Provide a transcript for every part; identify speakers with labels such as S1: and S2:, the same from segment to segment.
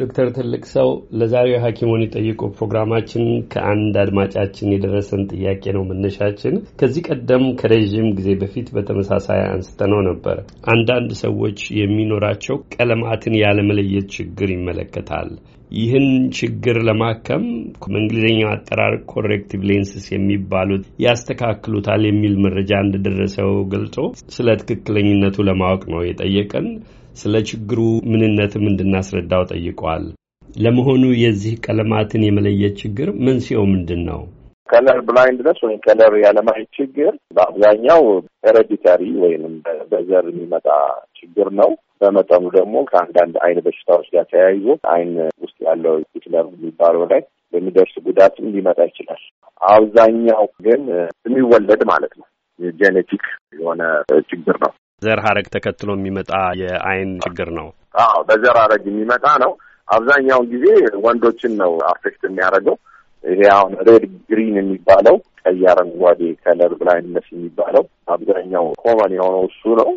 S1: ዶክተር ትልቅ ሰው ለዛሬው ሐኪሙን ይጠይቁ ፕሮግራማችን ከአንድ አድማጫችን የደረሰን ጥያቄ ነው መነሻችን። ከዚህ ቀደም ከረዥም ጊዜ በፊት በተመሳሳይ አንስተነው ነበር። አንዳንድ ሰዎች የሚኖራቸው ቀለማትን ያለመለየት ችግር ይመለከታል። ይህን ችግር ለማከም በእንግሊዝኛው አጠራር ኮሬክቲቭ ሌንስስ የሚባሉት ያስተካክሉታል የሚል መረጃ እንደደረሰው ገልጾ ስለ ትክክለኝነቱ ለማወቅ ነው የጠየቀን። ስለ ችግሩ ምንነትም እንድናስረዳው ጠይቋል ለመሆኑ የዚህ ቀለማትን የመለየት ችግር መንስኤው ምንድን ነው?
S2: ከለር ብላይንድነስ ወይም ከለር ያለማየት ችግር በአብዛኛው ሄሬዲታሪ ወይም በዘር የሚመጣ ችግር ነው። በመጠኑ ደግሞ ከአንዳንድ አይን በሽታዎች ጋር ተያይዞ አይን ውስጥ ያለው ሂትለር የሚባለው ላይ በሚደርስ ጉዳትም ሊመጣ ይችላል። አብዛኛው ግን የሚወለድ ማለት ነው የጄኔቲክ የሆነ ችግር ነው።
S1: ዘር ሀረግ ተከትሎ የሚመጣ የአይን ችግር ነው። አዎ በዘር ሀረግ የሚመጣ ነው።
S2: አብዛኛውን ጊዜ ወንዶችን ነው አፌክት የሚያደርገው። ይሄ አሁን ሬድ ግሪን የሚባለው ቀይ አረንጓዴ ከለር ብላይንድነስ የሚባለው አብዛኛው ኮመን የሆነው እሱ ነው።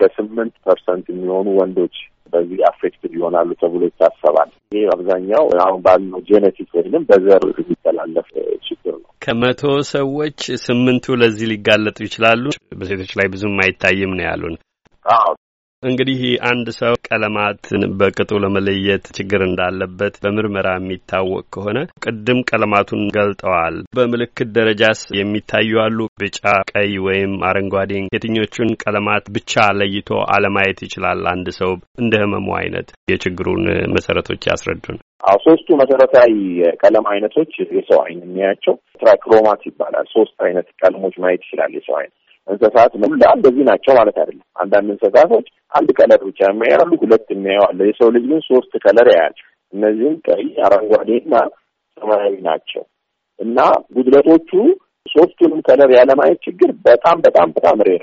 S2: ከስምንት ፐርሰንት የሚሆኑ ወንዶች በዚህ አፌክትድ ይሆናሉ ተብሎ ይታሰባል። ይህ አብዛኛው አሁን ባለው ጄኔቲክ ወይም በዘር የሚተላለፍ
S1: ከመቶ ሰዎች ስምንቱ ለዚህ ሊጋለጡ ይችላሉ፣ በሴቶች ላይ ብዙም አይታይም ነው ያሉን። አዎ እንግዲህ አንድ ሰው ቀለማትን በቅጡ ለመለየት ችግር እንዳለበት በምርመራ የሚታወቅ ከሆነ ቅድም ቀለማቱን ገልጠዋል። በምልክት ደረጃስ የሚታዩ አሉ። ቢጫ፣ ቀይ ወይም አረንጓዴ የትኞቹን ቀለማት ብቻ ለይቶ አለማየት ይችላል? አንድ ሰው እንደ ህመሙ አይነት የችግሩን መሰረቶች ያስረዱን።
S2: አዎ ሶስቱ መሰረታዊ ቀለም አይነቶች የሰው አይን የሚያያቸው ትራክሮማት ይባላል። ሶስት አይነት ቀለሞች ማየት ይችላል የሰው አይነት እንስሳት ለሁላ እንደዚህ ናቸው ማለት አይደለም። አንዳንድ እንስሳቶች አንድ ቀለር ብቻ የሚያያሉ፣ ሁለት የሚያየዋለ። የሰው ልጅ ግን ሶስት ቀለር ያያል። እነዚህም ቀይ፣ አረንጓዴና ሰማያዊ ናቸው እና ጉድለቶቹ ሶስቱንም ያለ ያለማየት ችግር በጣም በጣም በጣም ሬር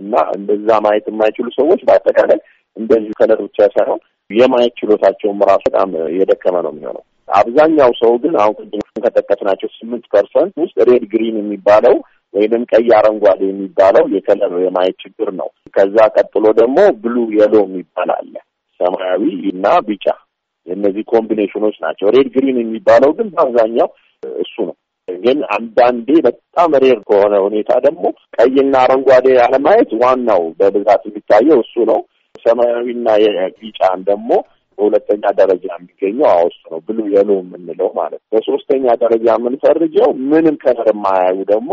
S2: እና እንደዛ ማየት የማይችሉ ሰዎች በአጠቃላይ እንደዚህ ከለር ብቻ ሳይሆን የማየት ችሎታቸውም ራሱ በጣም የደከመ ነው የሚሆነው። አብዛኛው ሰው ግን አሁን ቅድም ከጠቀስናቸው ስምንት ፐርሰንት ውስጥ ሬድ ግሪን የሚባለው ወይንም ቀይ አረንጓዴ የሚባለው የከለር የማየት ችግር ነው። ከዛ ቀጥሎ ደግሞ ብሉ የሎ የሚባል አለ፣ ሰማያዊ እና ቢጫ እነዚህ ኮምቢኔሽኖች ናቸው። ሬድ ግሪን የሚባለው ግን በአብዛኛው እሱ ነው። ግን አንዳንዴ በጣም ሬር ከሆነ ሁኔታ ደግሞ ቀይና አረንጓዴ አለማየት ዋናው በብዛት የሚታየው እሱ ነው። ሰማያዊና የቢጫን ደግሞ በሁለተኛ ደረጃ የሚገኘው አውስ ነው፣ ብሉ የሎ የምንለው ማለት ነው። በሶስተኛ ደረጃ የምንፈርጀው ምንም ከለር የማያዩ ደግሞ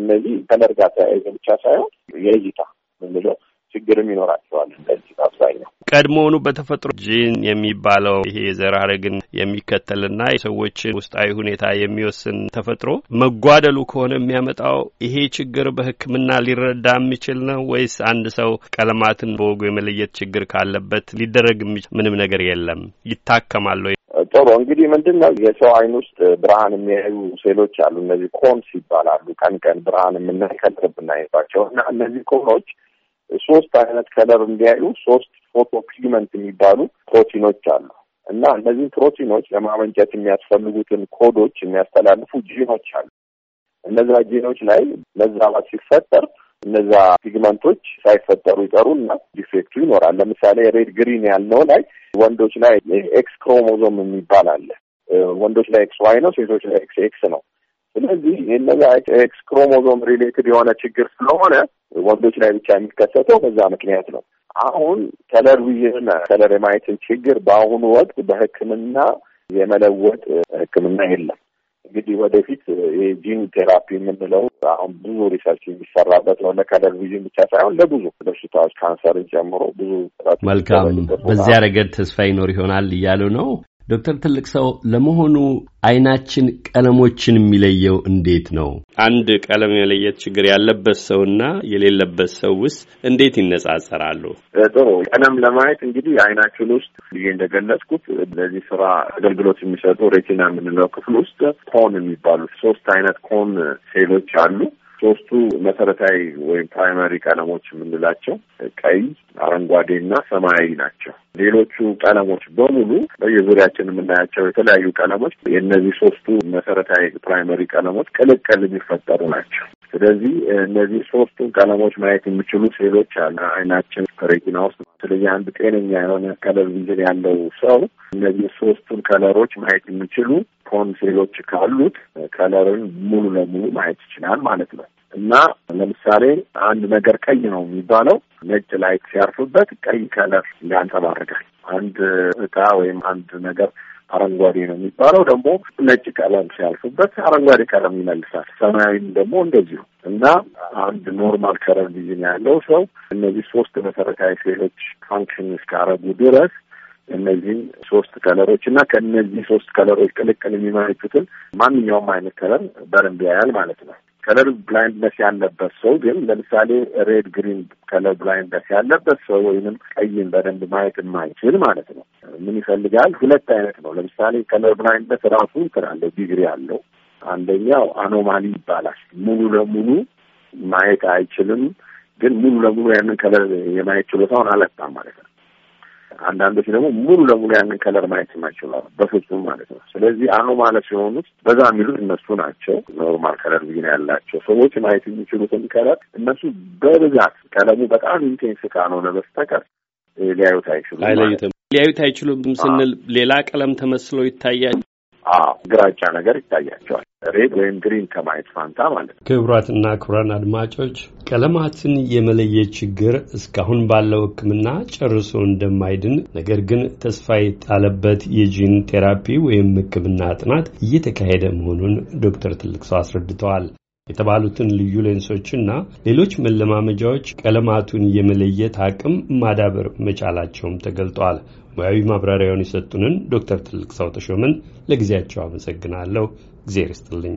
S2: እነዚህ ከለር ጋር ተያይዘ ብቻ ሳይሆን የእይታ ምንለው ችግርም ይኖራቸዋል። እንደዚህ
S1: አብዛኛው ቀድሞውኑ በተፈጥሮ ጂን የሚባለው ይሄ የዘር ሐረግን የሚከተልና የሰዎችን ውስጣዊ ሁኔታ የሚወስን ተፈጥሮ መጓደሉ ከሆነ የሚያመጣው ይሄ ችግር በሕክምና ሊረዳ የሚችል ነው ወይስ አንድ ሰው ቀለማትን በወጉ የመለየት ችግር ካለበት ሊደረግ ምንም ነገር የለም ይታከማል
S2: ጥሩ እንግዲህ ምንድን ነው የሰው አይን ውስጥ ብርሃን የሚያዩ ሴሎች አሉ። እነዚህ ኮንስ ይባላሉ። ቀን ቀን ብርሃን የምናይ ከለር ብናይባቸው እና እነዚህ ኮኖች ሶስት አይነት ከለር እንዲያዩ ሶስት ፎቶ ፒግመንት የሚባሉ ፕሮቲኖች አሉ እና እነዚህ ፕሮቲኖች ለማመንጨት የሚያስፈልጉትን ኮዶች የሚያስተላልፉ ጂኖች አሉ። እነዛ ጂኖች ላይ መዛባት ሲፈጠር እነዛ ፒግመንቶች ሳይፈጠሩ እና ዲፌክቱ ይኖራል። ለምሳሌ ሬድ ግሪን ያልነው ላይ ወንዶች ላይ ኤክስ ክሮሞዞም የሚባል አለ። ወንዶች ላይ ኤክስ ዋይ ነው፣ ሴቶች ላይ ኤክስ ኤክስ ነው። ስለዚህ እነዛ ኤክስ ክሮሞዞም ሪሌትድ የሆነ ችግር ስለሆነ ወንዶች ላይ ብቻ የሚከሰተው በዛ ምክንያት ነው። አሁን ከለር ቪዥን ከለር የማየትን ችግር በአሁኑ ወቅት በሕክምና የመለወጥ ሕክምና የለም። እንግዲህ ወደፊት የጂን ቴራፒ የምንለው አሁን ብዙ ሪሰርች የሚሰራበት ነው። ለከለር ቪዥን ብቻ ሳይሆን ለብዙ በሽታዎች ካንሰርን ጨምሮ ብዙ መልካም፣ በዚያ
S1: ረገድ ተስፋ ይኖር ይሆናል እያሉ ነው። ዶክተር ትልቅ ሰው ለመሆኑ አይናችን ቀለሞችን የሚለየው እንዴት ነው? አንድ ቀለም የመለየት ችግር ያለበት ሰውና የሌለበት ሰው ውስጥ እንዴት ይነጻጸራሉ?
S2: ጥሩ ቀለም ለማየት እንግዲህ አይናችን ውስጥ ልዩ እንደገለጽኩት ለዚህ ስራ አገልግሎት የሚሰጡ ሬቲና የምንለው ክፍል ውስጥ ኮን የሚባሉ ሶስት አይነት ኮን ሴሎች አሉ። ሶስቱ መሰረታዊ ወይም ፕራይማሪ ቀለሞች የምንላቸው ቀይ፣ አረንጓዴ እና ሰማያዊ ናቸው። ሌሎቹ ቀለሞች በሙሉ በየዙሪያችን የምናያቸው የተለያዩ ቀለሞች የእነዚህ ሶስቱ መሰረታዊ ፕራይመሪ ቀለሞች ቅልቅል የሚፈጠሩ ናቸው። ስለዚህ እነዚህ ሶስቱን ቀለሞች ማየት የሚችሉ ሴሎች አሉ አይናችን ሬቲና ውስጥ። ስለዚህ አንድ ጤነኛ የሆነ ከለር ቪዥን ያለው ሰው እነዚህ ሶስቱን ከለሮች ማየት የሚችሉ ፖን ሴሎች ካሉት ከለርን ሙሉ ለሙሉ ማየት ይችላል ማለት ነው። እና ለምሳሌ አንድ ነገር ቀይ ነው የሚባለው ነጭ ላይት ሲያርፍበት ቀይ ከለር ያንጸባርቃል። አንድ እቃ ወይም አንድ ነገር አረንጓዴ ነው የሚባለው ደግሞ ነጭ ቀለም ሲያልፍበት አረንጓዴ ቀለም ይመልሳል። ሰማያዊም ደግሞ እንደዚሁ እና አንድ ኖርማል ከለር ቪዥን ያለው ሰው እነዚህ ሶስት መሰረታዊ ሴሎች ፋንክሽን እስካረጉ ድረስ እነዚህን ሶስት ከለሮች እና ከእነዚህ ሶስት ከለሮች ቅልቅል የሚመለክትን ማንኛውም አይነት ከለር በረንብ ያያል ማለት ነው። ከለር ብላይንድነስ ያለበት ሰው ግን ለምሳሌ ሬድ ግሪን ከለር ብላይንድነስ ያለበት ሰው ወይንም ቀይን በደንብ ማየት የማይችል ማለት ነው። ምን ይፈልጋል? ሁለት አይነት ነው። ለምሳሌ ከለር ብላይንድነስ ራሱ እንትን አለው፣ ዲግሪ አለው። አንደኛው አኖማሊ ይባላል። ሙሉ ለሙሉ ማየት አይችልም፣ ግን ሙሉ ለሙሉ ያንን ከለር የማየት ችሎታውን አለጣም ማለት ነው። አንዳንዶች ደግሞ ሙሉ ለሙሉ ያንን ከለር ማየት የማይችሉ በፍጹም ማለት ነው። ስለዚህ ሲሆኑ ሲሆኑት በዛ የሚሉት እነሱ ናቸው። ኖርማል ከለር ቪዥን ያላቸው ሰዎች ማየት የሚችሉትን ከለር እነሱ በብዛት ቀለሙ በጣም ኢንቴንስ ካልሆነ በስተቀር ሊያዩት አይችሉም።
S1: ሊያዩት አይችሉም ስንል ሌላ ቀለም ተመስሎ ይታያል
S2: አዎ ግራጫ ነገር ይታያቸዋል። ሬድ ወይም ግሪን ከማየት
S1: ፋንታ ማለት ነው። ክቡራትና ክቡራን አድማጮች ቀለማትን የመለየት ችግር እስካሁን ባለው ሕክምና ጨርሶ እንደማይድን ነገር ግን ተስፋ የጣለበት የጂን ቴራፒ ወይም ሕክምና ጥናት እየተካሄደ መሆኑን ዶክተር ትልቅ ሰው አስረድተዋል። የተባሉትን ልዩ ሌንሶችና ሌሎች መለማመጃዎች ቀለማቱን የመለየት አቅም ማዳበር መቻላቸውም ተገልጧል። ሙያዊ ማብራሪያውን የሰጡንን ዶክተር ትልቅ ሰው ተሾመን ለጊዜያቸው አመሰግናለሁ። እግዜር ይስጥልኝ።